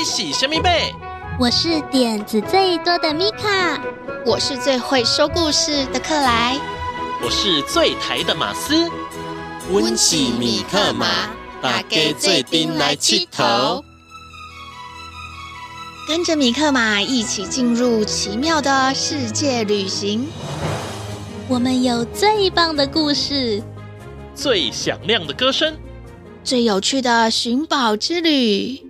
一起神秘貝，是妹妹，我是點子最多的米卡，我是最會說故事的克萊，我是最台的馬斯，我是米克馬，大家最邊來七頭，跟着米克馬一起進入奇妙的世界旅行，我們有最棒的故事，最響亮的歌聲，最有趣的尋寶之旅。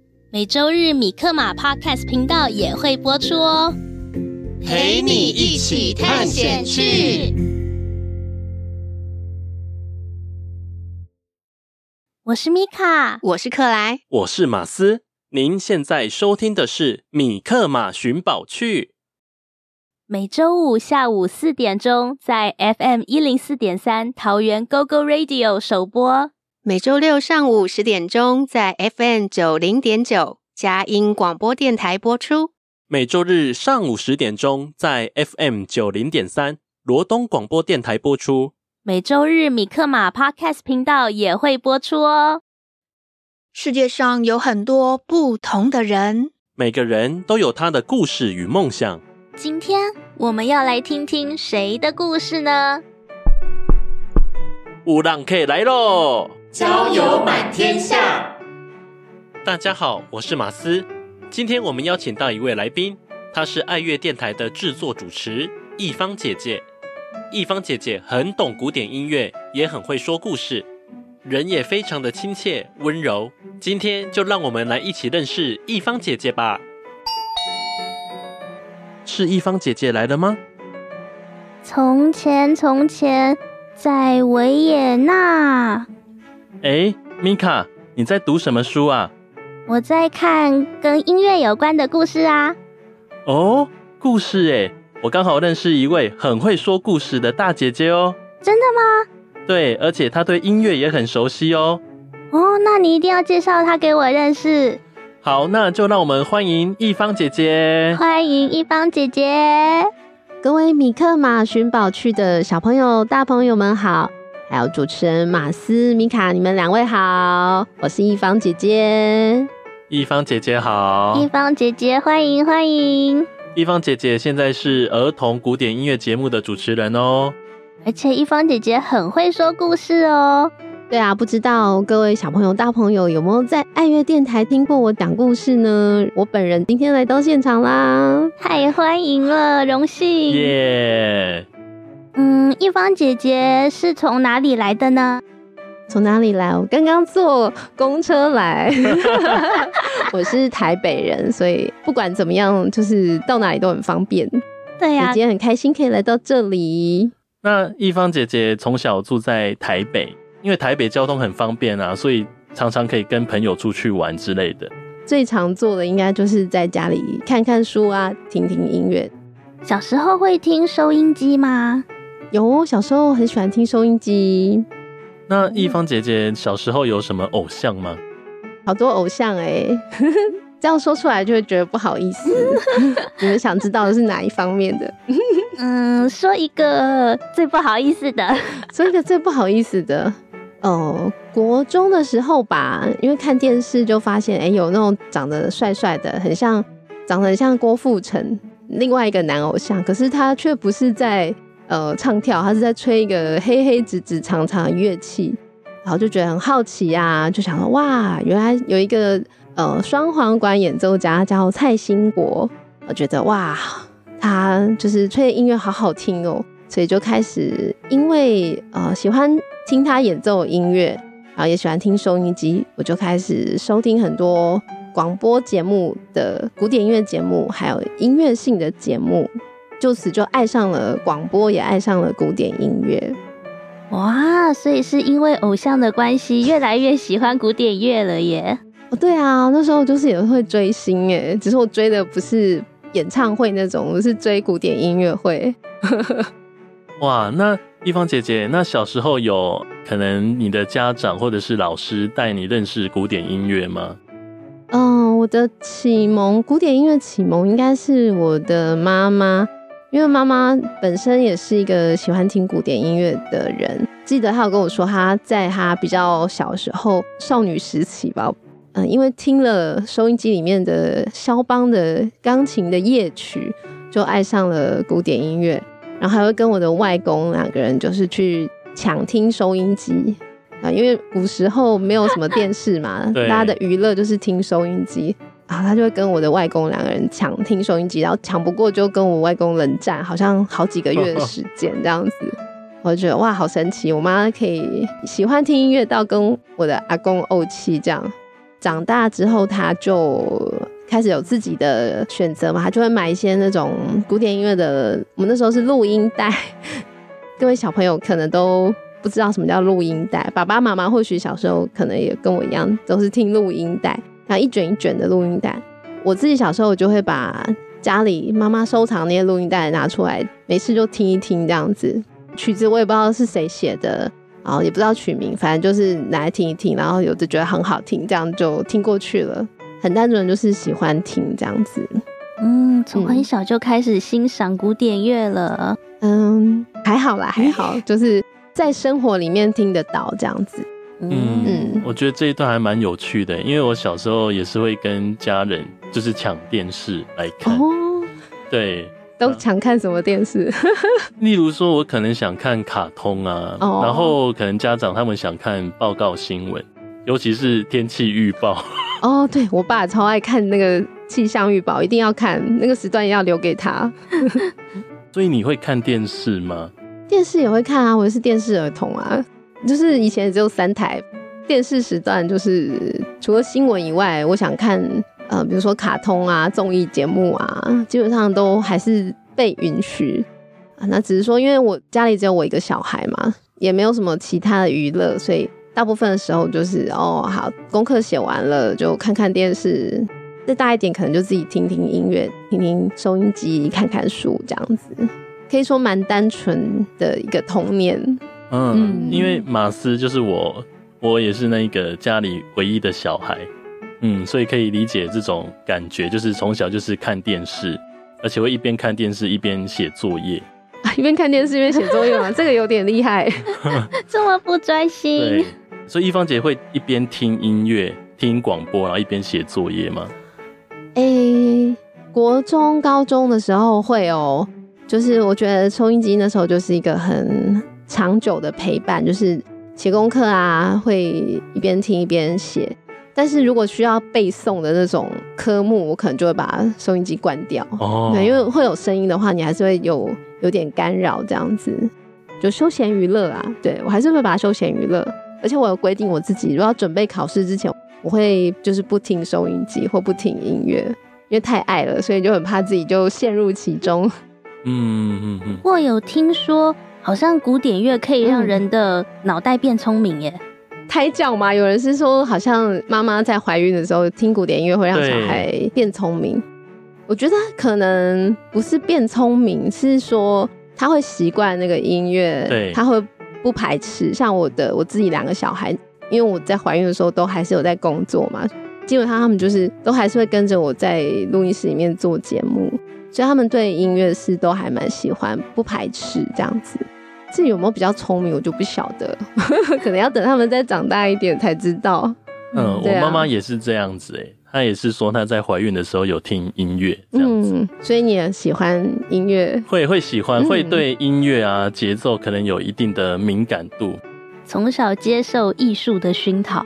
每周日米克馬 Podcast 頻道也會播出哦，陪你一起探險去。我是米卡，我是克萊，我是馬斯。您現在收聽的是《米克馬尋寶趣》，每周五下午四點鐘在 FM 一零四點三桃園 GoGo Radio 首播。每週六上午十點鐘，在 FM 九零點九佳音廣播電台播出；每週日上午十點鐘，在 FM 九零點三羅東廣播電台播出；每週日米克馬 Podcast 頻道也會播出哦。世界上有很多不同的人，每個人都有他的故事與夢想。今天我們要來聽聽誰的故事呢？烏浪 k 來嘍！交友滿天下。大家好，我是馬斯。今天我們邀請到一位來賓，她是愛樂電台的製作主持，逸芳姐姐。逸芳姐姐很懂古典音樂，也很會說故事，人也非常的親切溫柔。今天就讓我們來一起認識逸芳姐姐吧。是逸芳姐姐來了嗎？從前，從前，在維也納。哎，米卡，ika，你在讀什麼書啊？我在看跟音樂有關的故事啊。哦，故事誒，我剛好認識一位很會說故事的大姐姐哦。真的嗎？對，而且她對音樂也很熟悉哦。哦，那你一定要介紹她給我認識。好，那就讓我們歡迎逸芳姊姊。歡迎逸芳姊姊。各位米克馬尋寶趣的小朋友、大朋友們好。還有主持人馬斯、米卡，你們兩位好，我是逸芳姊姊。逸芳姊姊好，逸芳姊姊歡迎歡迎。歡迎逸芳姊姊現在是兒童古典音樂節目的主持人哦，而且逸芳姊姊很會說故事哦。對啊，不知道各位小朋友大朋友有沒有在愛樂電台聽過我講故事呢？我本人今天來到現場啦，太歡迎了，榮幸。耶、yeah！嗯，逸芳姐姐是從哪裡來的呢？從哪裡來？我剛剛坐公車來， 我是台北人，所以不管怎麼樣，就是到哪裡都很方便。對呀、啊，姐姐很開心可以來到這裡。那逸芳姐姐從小住在台北，因為台北交通很方便啊，所以常常可以跟朋友出去玩之類的。最常做的應該就是在家裡看看書啊，聽聽音樂。小時候會聽收音機嗎？有，小時候很喜歡聽收音機。那易芳逸芳姐姐小時候有什麼偶像嗎？好多偶像哎、欸， 這樣說出來就會覺得不好意思。 你們想知道的是哪一方面的？ 嗯，說一個最不好意思的， 說一個最不好意思的。哦、呃，國中的時候吧，因為看電視就發現，哎、欸，有那種長得帥帥的，很像長得很像郭富城另外一個男偶像，可是他卻不是在。呃，唱跳，他是在吹一個黑黑直直長長的樂器，然後就覺得很好奇呀、啊，就想說哇，原來有一個呃雙簧管演奏家叫蔡興國，我覺得哇，他就是吹的音樂好好聽哦，所以就開始因為呃喜歡聽他演奏的音樂，然後也喜歡聽收音機，我就開始收聽很多廣播節目的古典音樂節目，還有音樂性的節目。就此就愛上了廣播，也愛上了古典音樂，哇！所以是因為偶像的關係，越來越喜歡古典樂了耶。哦， 對啊，那時候就是也會追星哎，只是我追的不是演唱會那種，我是追古典音樂會。 哇，那逸芳姐姐，那小時候有可能你的家長或者是老師帶你認識古典音樂嗎？嗯、呃，我的啟蒙古典音樂啟蒙應該是我的媽媽。因為媽媽本身也是一個喜歡聽古典音樂的人，記得她有跟我說，她在她比較小時候少女時期吧，嗯，因為聽了收音機裡面的肖邦的鋼琴的夜曲，就愛上了古典音樂，然後還會跟我的外公兩個人就是去搶聽收音機啊、嗯，因為古時候沒有什麼電視嘛， 對大家的娛樂就是聽收音機。然後、啊、他就會跟我的外公兩個人搶聽收音機，然後搶不過就跟我外公冷戰，好像好幾個月的時間這樣子。我就覺得哇，好神奇！我媽可以喜歡聽音樂到跟我的阿公慪氣這樣。長大之後，他就開始有自己的選擇嘛，他就會買一些那種古典音樂的。我們那時候是錄音帶， 各位小朋友可能都不知道什麼叫錄音帶。爸爸媽媽或許小時候可能也跟我一樣，都是聽錄音帶。一卷一卷的錄音帶，我自己小時候就會把家裡媽媽收藏的那些錄音帶拿出來，每次就聽一聽這樣子。曲子我也不知道是誰寫的，然後，哦，也不知道曲名，反正就是拿來聽一聽，然後有的覺得很好聽，這樣就聽過去了。很單純，就是喜歡聽這樣子。嗯，從很小就開始欣賞古典樂了。嗯，還好啦，還好，就是在生活裡面聽得到這樣子。嗯，嗯，我覺得這一段還蠻有趣的，因為我小時候也是會跟家人就是搶電視來看，哦、對，都想看什麼電視？啊、例如說，我可能想看卡通啊，哦、然後可能家長他們想看報告新聞，尤其是天氣預報。哦，對，我爸超愛看那個氣象預報，一定要看，那個時段要留給他。所以你會看電視嗎？電視也會看啊，我也是電視兒童啊。就是以前只有三台電視時段，就是除了新聞以外，我想看呃，比如說卡通啊、綜藝節目啊，基本上都還是被允許。啊，那只是說，因為我家裡只有我一個小孩嘛，也沒有什麼其他的娛樂，所以大部分的時候就是哦，好，功課寫完了就看看電視。再大一點，可能就自己聽聽音樂、聽聽收音機、看看書這樣子，可以說蠻單純的一個童年。嗯，嗯，因為馬斯就是我，我也是那個家裡唯一的小孩，嗯，所以可以理解這種感覺，就是從小就是看電視，而且會一邊看電視一邊寫作業，一邊看電視一邊寫作業嗎？ 這個有點厲害， 這麼不專心。對，所以逸芳姐會一邊聽音樂、聽廣播，然後一邊寫作業嗎？誒、欸，國中、高中的時候會哦、喔，就是我覺得收音機那時候就是一個很。長久的陪伴，就是寫功課啊，會一邊聽一邊寫。但是如果需要背誦的那種科目，我可能就會把收音機關掉。哦，對，因為會有聲音的話，你還是會有有點干擾這樣子。就休閒娛樂啊，對，我還是會把它休閒娛樂。而且我有規定我自己，如果要準備考試之前，我會就是不聽收音機或不聽音樂，因為太愛了，所以就很怕自己就陷入其中。嗯嗯嗯嗯。或有聽說。好像古典樂可以讓人的腦袋變聰明耶？嗯、胎教嗎？有人是說，好像媽媽在懷孕的時候聽古典音樂會讓小孩對變聰明。我覺得他可能不是變聰明，是說他會習慣那個音樂，對他會不排斥。像我的我自己兩個小孩，因為我在懷孕的時候都還是有在工作嘛，基本上他們就是都還是會跟着我在錄音室裡面做節目，所以他們對音樂是都還蠻喜歡，不排斥這樣子。自己有沒有比較聰明，我就不曉得，可能要等他們再長大一點才知道。嗯，啊、嗯，我媽媽也是這樣子，欸，她也是說她在懷孕的時候有聽音樂這樣子。嗯，所以你也喜歡音樂，會會喜歡，會對音樂啊，節、嗯、奏可能有一定的敏感度。從小接受藝術的熏陶，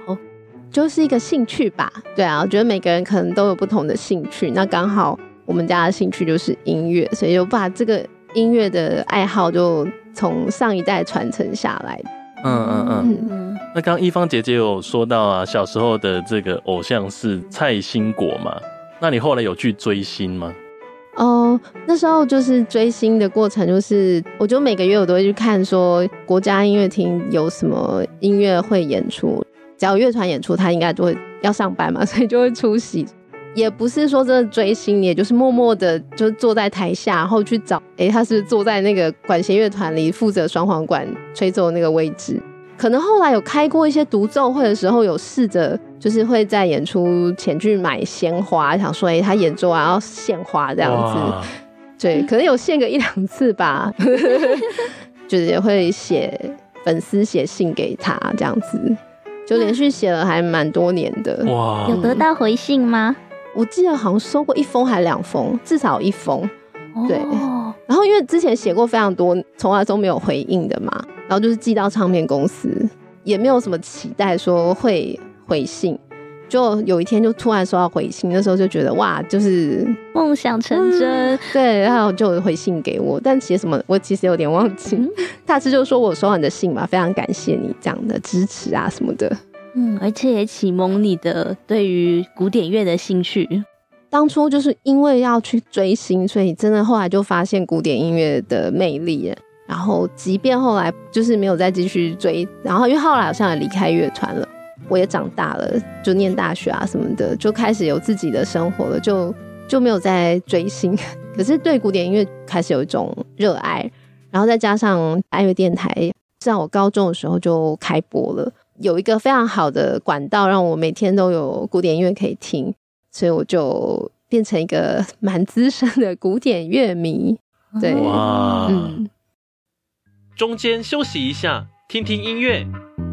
就是一個興趣吧。對啊，我覺得每個人可能都有不同的興趣，那剛好我們家的興趣就是音樂，所以就把這個音樂的愛好就。從上一代傳承下來的。嗯嗯嗯。嗯嗯。那剛逸芳姐姐有說到啊，小時候的這個偶像是蔡興國嘛？那你後來有去追星嗎？哦，uh, 那時候就是追星的過程，就是我就每個月我都會去看說，說國家音樂廳有什麼音樂會演出，只要樂團演出，他應該就會要上班嘛，所以就會出席。也不是說真的追星，也就是默默的就坐在台下，然後去找。哎、欸，他是，是坐在那個管弦樂團裡負責雙簧管吹奏那個位置。可能後來有開過一些獨奏會的時候，有試着就是會在演出前去買鮮花，想說哎、欸、他演奏完要獻花這樣子。Wow. 對，可能有獻個一兩次吧， 就是也會寫粉絲寫信給他這樣子，就連續寫了還蠻多年的。哇，Wow. 有得到回信嗎？我記得好像收過一封還兩封，至少有一封，對。Oh. 然後因為之前寫過非常多，從來都沒有回應的嘛，然後就是寄到唱片公司，也沒有什麼期待說會回信。就有一天就突然說要回信，那時候就覺得哇，就是夢想成真。嗯。對，然後就回信給我，但寫什麼我其實有點忘記，嗯，大致就是說我收到你的信嘛，非常感謝你這樣的支持啊什麼的。嗯，而且也啟蒙你的對於古典樂的興趣。當初就是因為要去追星，所以真的後來就發現古典音樂的魅力。然後，即便後來就是沒有再繼續追，然後因為後來好像也離開樂團了，我也長大了，就念大學啊什麼的，就開始有自己的生活了，就就沒有再追星。可是對古典音樂開始有一種熱愛，然後再加上愛樂電台，在我高中的時候就開播了。有一個非常好的管道，讓我每天都有古典音樂可以聽，所以我就變成一個蠻資深的古典樂迷。對，哇嗯，中間休息一下，聽聽音樂。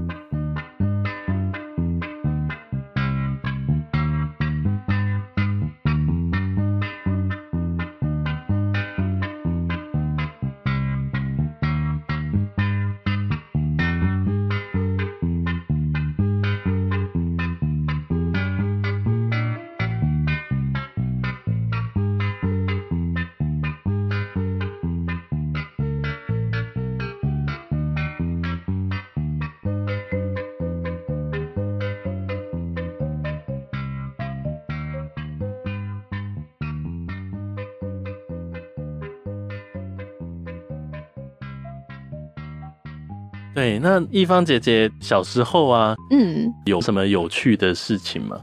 對、欸，那逸芳姐姐小時候啊，嗯，有什麼有趣的事情嗎？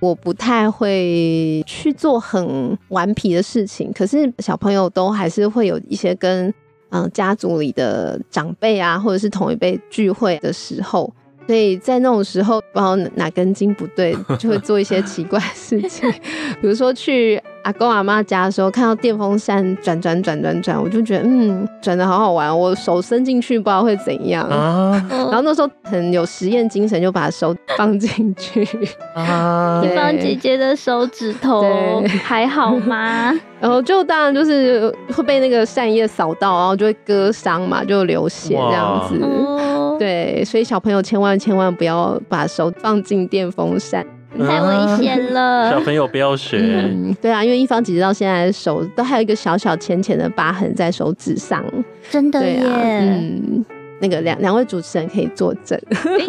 我不太會去做很頑皮的事情，可是小朋友都還是會有一些跟嗯、呃、家族裡的長輩啊，或者是同一輩聚會的時候。所以在那種時候，不知道哪根筋不對，就會做一些奇怪的事情。 比如說去阿公阿媽家的時候，看到電風扇轉轉轉轉轉，我就覺得嗯，轉得好好玩，我手伸進去不知道會怎樣？啊、然後那時候很有實驗精神，就把手放進去啊。逸芳對姐姐的手指頭對還好嗎？ 然後就當然就是會被那個扇葉掃到，然後就會割傷嘛，就流血這樣子。對，所以小朋友千萬千萬不要把手放進電風扇，嗯、太危險了，小朋友不要學。嗯、對啊，因為逸芳姐姐到現在手都還有一個小小淺淺的疤痕在手指上，真的耶對、啊。嗯，那個兩兩位主持人可以作證。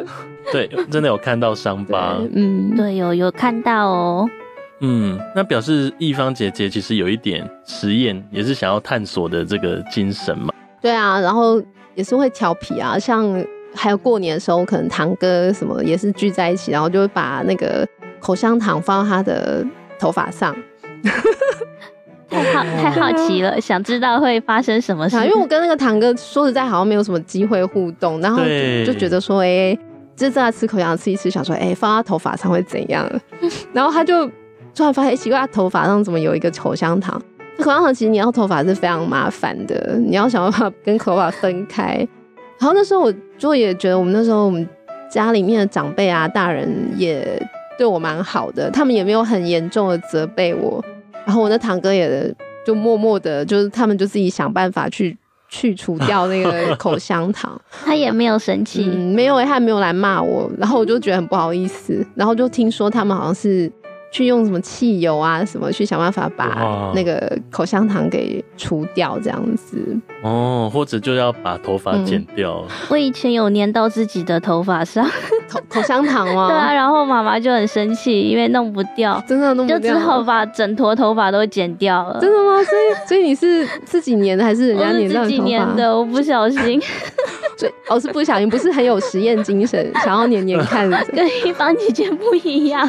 對，真的有看到傷疤。嗯，對、哦，有有看到哦。嗯，那表示逸芳姐姐其實有一點實驗也是想要探索的這個精神嘛？對啊，然後也是會調皮啊，像。還有過年的時候，可能堂哥什麼也是聚在一起，然後就會把那個口香糖放到他的頭髮上， 太好太好奇了， 想知道會發生什麼事、啊。因為我跟那個堂哥說實在好像沒有什麼機會互動，然後就，對就覺得說哎、欸，就正在吃口香糖吃一吃，想說哎、欸，放到他頭髮上會怎樣？然後他就突然發現、欸、奇怪，他頭髮上怎麼有一個口香糖？口香糖其實你要頭髮是非常麻煩的，你要想辦法跟頭髮分開。然後那時候我。就也覺得我們那時候我們家裡面的長輩啊，大人也對我蠻好的，他們也沒有很嚴重的責備我。然後我那堂哥也就默默的，就是他們就自己想辦法去去除掉那個口香糖， 嗯，他也沒有生氣，沒有他還沒有來罵我。然後我就覺得很不好意思。然後就聽說他們好像是。去用什麼汽油啊什麼去想辦法把那個口香糖給除掉，這樣子哦，或者就要把頭髮剪掉、嗯。我以前有粘到自己的頭髮上頭，口香糖嗎？ 對啊，然後媽媽就很生氣，因為弄不掉，真的弄不掉，就只好把整坨頭髮都剪掉了。真的嗎？所以所以你是自己粘的還是人家粘的？我是自己粘的，我不小心。 最哦，是不小心，不是很有實驗精神， 想要年年看著，跟逸芳姊姊不一樣，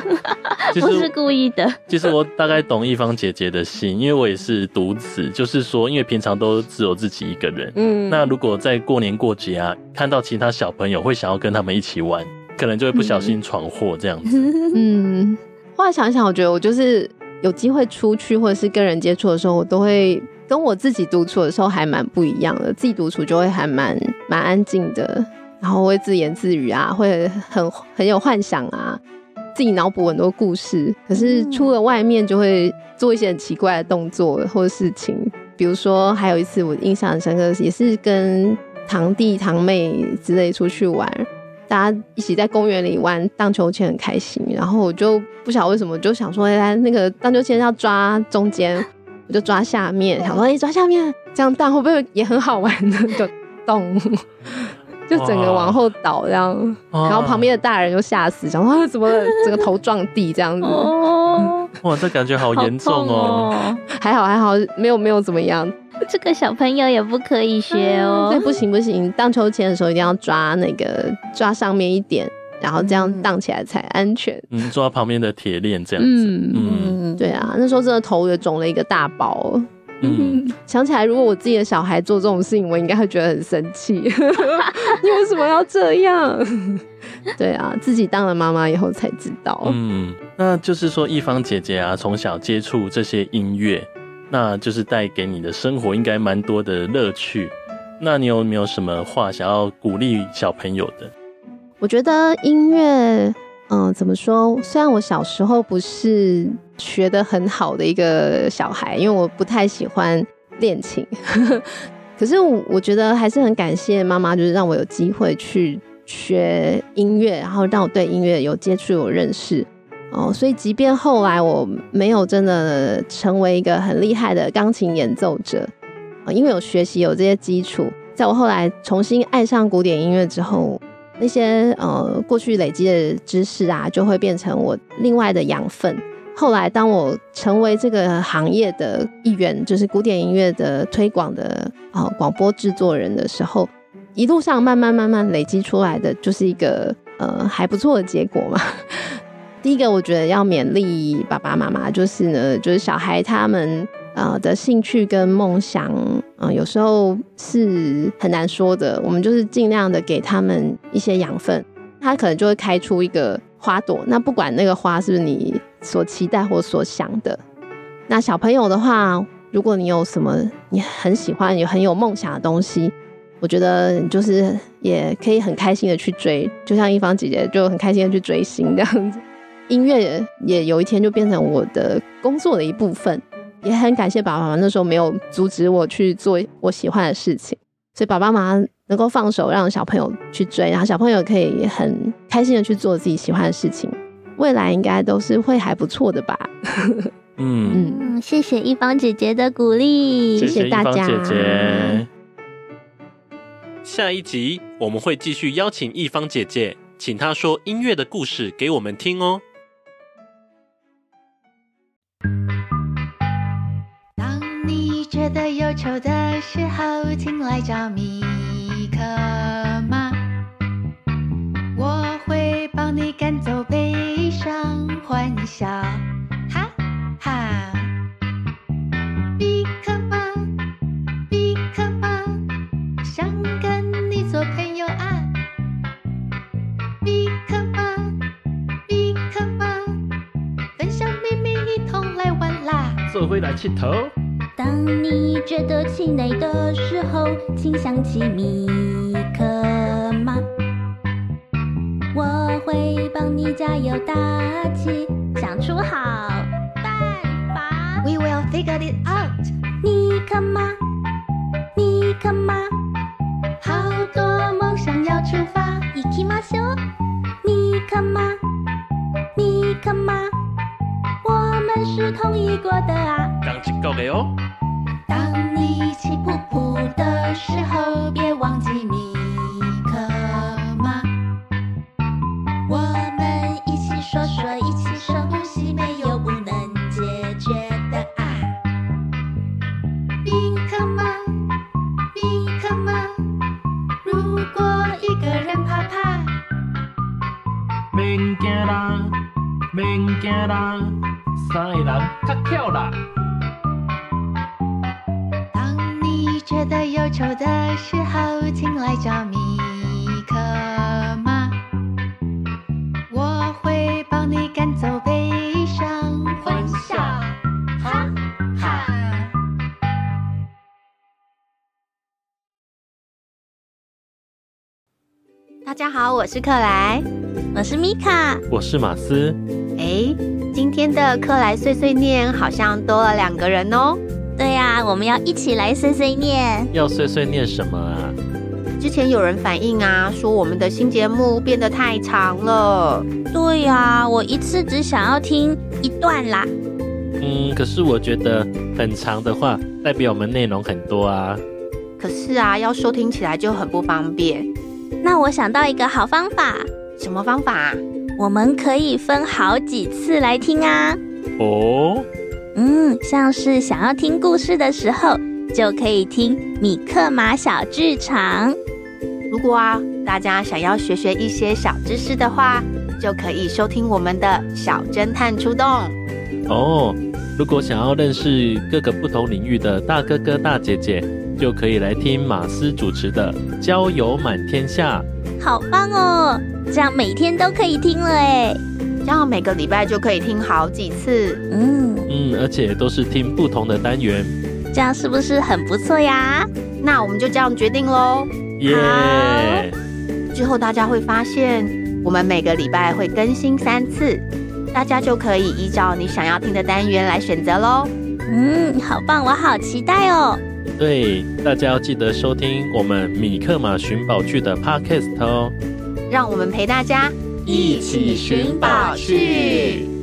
不是故意的。其實、就是就是、我大概懂逸芳姊姊的心，因為我也是獨子，就是說，因為平常都只有自己一個人。嗯，那如果在過年過節啊，看到其他小朋友，會想要跟他們一起玩，可能就會不小心闖禍這樣子嗯。嗯，後來想想，我覺得我就是有機會出去或者是跟人接觸的時候，我都會。跟我自己獨處的時候還蠻不一樣的，自己獨處就會還蠻蠻安靜的，然後會自言自語啊，會很很有幻想啊，自己腦補很多故事。可是出了外面就會做一些很奇怪的動作或事情，比如說，還有一次我印象很深刻，也是跟堂弟堂妹之類出去玩，大家一起在公園裡玩盪秋千，很開心。然後我就不曉得為什麼就想說，哎、欸，那個盪秋千要抓中間。我就抓下面，想說哎，抓下面這樣盪會不會也很好玩呢？就咚，就整個往後倒，這樣，哇然後旁邊的大人就嚇死，哇想說怎麼整個頭撞地這樣子？哦，哇，這感覺好嚴重哦！好哦還好還好，沒有沒有怎麼樣。這個小朋友也不可以學哦，這、嗯、不行不行，盪秋千的時候一定要抓那個抓上面一點。然後這樣盪起來才安全。嗯，抓旁邊的鐵鏈這樣子。嗯嗯，嗯對啊，那時候真的頭也腫了一個大包。嗯，想起來如果我自己的小孩做這種事情，我應該會覺得很生氣。 你為什麼要這樣？ 對啊，自己當了媽媽以後才知道。嗯，那就是說，逸芳姐姐啊，從小接觸這些音樂，那就是帶給你的生活應該蠻多的樂趣。那你有沒有什麼話想要鼓勵小朋友的？我覺得音樂，嗯、呃，怎麼說？雖然我小時候不是學的很好的一個小孩，因為我不太喜歡練琴呵呵，可是我，我覺得還是很感謝媽媽，就是讓我有機會去學音樂，然後讓我對音樂有接觸、有認識哦、呃。所以，即便後來我沒有真的成為一個很厲害的鋼琴演奏者，呃、因為有學習有這些基礎，在我後來重新愛上古典音樂之後。那些呃，過去累積的知識啊，就會變成我另外的養分。後來當我成為這個行業的一員，就是古典音樂的推廣的啊廣播製作人的時候，一路上慢慢慢慢累積出來的，就是一個呃還不錯的結果嘛。第一個，我覺得要勉勵爸爸媽媽，就是呢，就是小孩他們。啊、呃、的興趣跟夢想啊、呃，有時候是很難說的。我們就是盡量的給他們一些養分，他可能就會開出一個花朵。那不管那個花是不是你所期待或所想的，那小朋友的話，如果你有什麼你很喜歡、你很有夢想的東西，我覺得就是也可以很開心的去追。就像逸芳姊姊就很開心的去追星這樣子，音樂也有一天就變成我的工作的一部分。也很感謝爸爸媽媽那時候沒有阻止我去做我喜歡的事情，所以爸爸媽媽能夠放手讓小朋友去追，然後小朋友可以很開心的去做自己喜歡的事情，未來應該都是會還不錯的吧。嗯 嗯，嗯謝謝逸芳姐姐的鼓勵，謝謝大家。下一集我們會繼續邀請逸芳姐姐，請她說音樂的故事給我們聽哦。愁的時候，請來找米克馬，我會幫你趕走悲傷，歡笑，哈哈米克馬。米克馬，米克馬，想跟你做朋友啊米克馬。米克馬，米克馬，分享秘密，一同來玩啦。做伙來鐵佗。覺得氣餒的時候，請想起米克馬，我會幫你加油打氣，想出好辦法。Bye, bye. We will figure it out，米克馬，米克馬，好多夢想要出發。一起冒險喔，米克馬，米克馬，我們是同一國的啊。剛出告的哦。三個人較巧啦！當你覺得憂愁的時候，請來找米克馬，我會幫你趕走悲傷，歡笑，哈哈！哈哈，大家好，我是克萊，我是米卡，我是馬斯。今天的克萊碎碎念，好像多了兩個人哦。對呀，我們要一起來碎碎念。要碎碎念什麼啊？之前有人反映啊，說我們的新節目變得太長了。對呀，我一次只想要聽一段啦。嗯，可是我覺得很長的話，代表我們內容很多啊。可是啊，要收聽起來就很不方便。那我想到一個好方法。什麼方法？我們可以分好幾次來聽啊。哦，oh? 嗯，像是想要聽故事的時候，就可以聽米克馬小劇場。如果啊，大家想要學學一些小知識的話，就可以收聽我們的小偵探出動。哦，oh, 如果想要認識各個不同領域的大哥哥大姐姐，就可以來聽馬斯主持的《交友滿天下》。好棒哦！這樣每天都可以聽了哎，這樣每個禮拜就可以聽好幾次，嗯嗯，而且都是聽不同的單元，這樣是不是很不錯呀？那我們就這樣決定嘍，耶 Yeah.！之後大家會發現，我們每個禮拜會更新三次，大家就可以依照你想要聽的單元來選擇嘍。嗯，好棒，我好期待哦。對，大家要記得收聽我們《米克馬尋寶趣》的 Podcast 哦。讓我們陪大家一起尋寶去。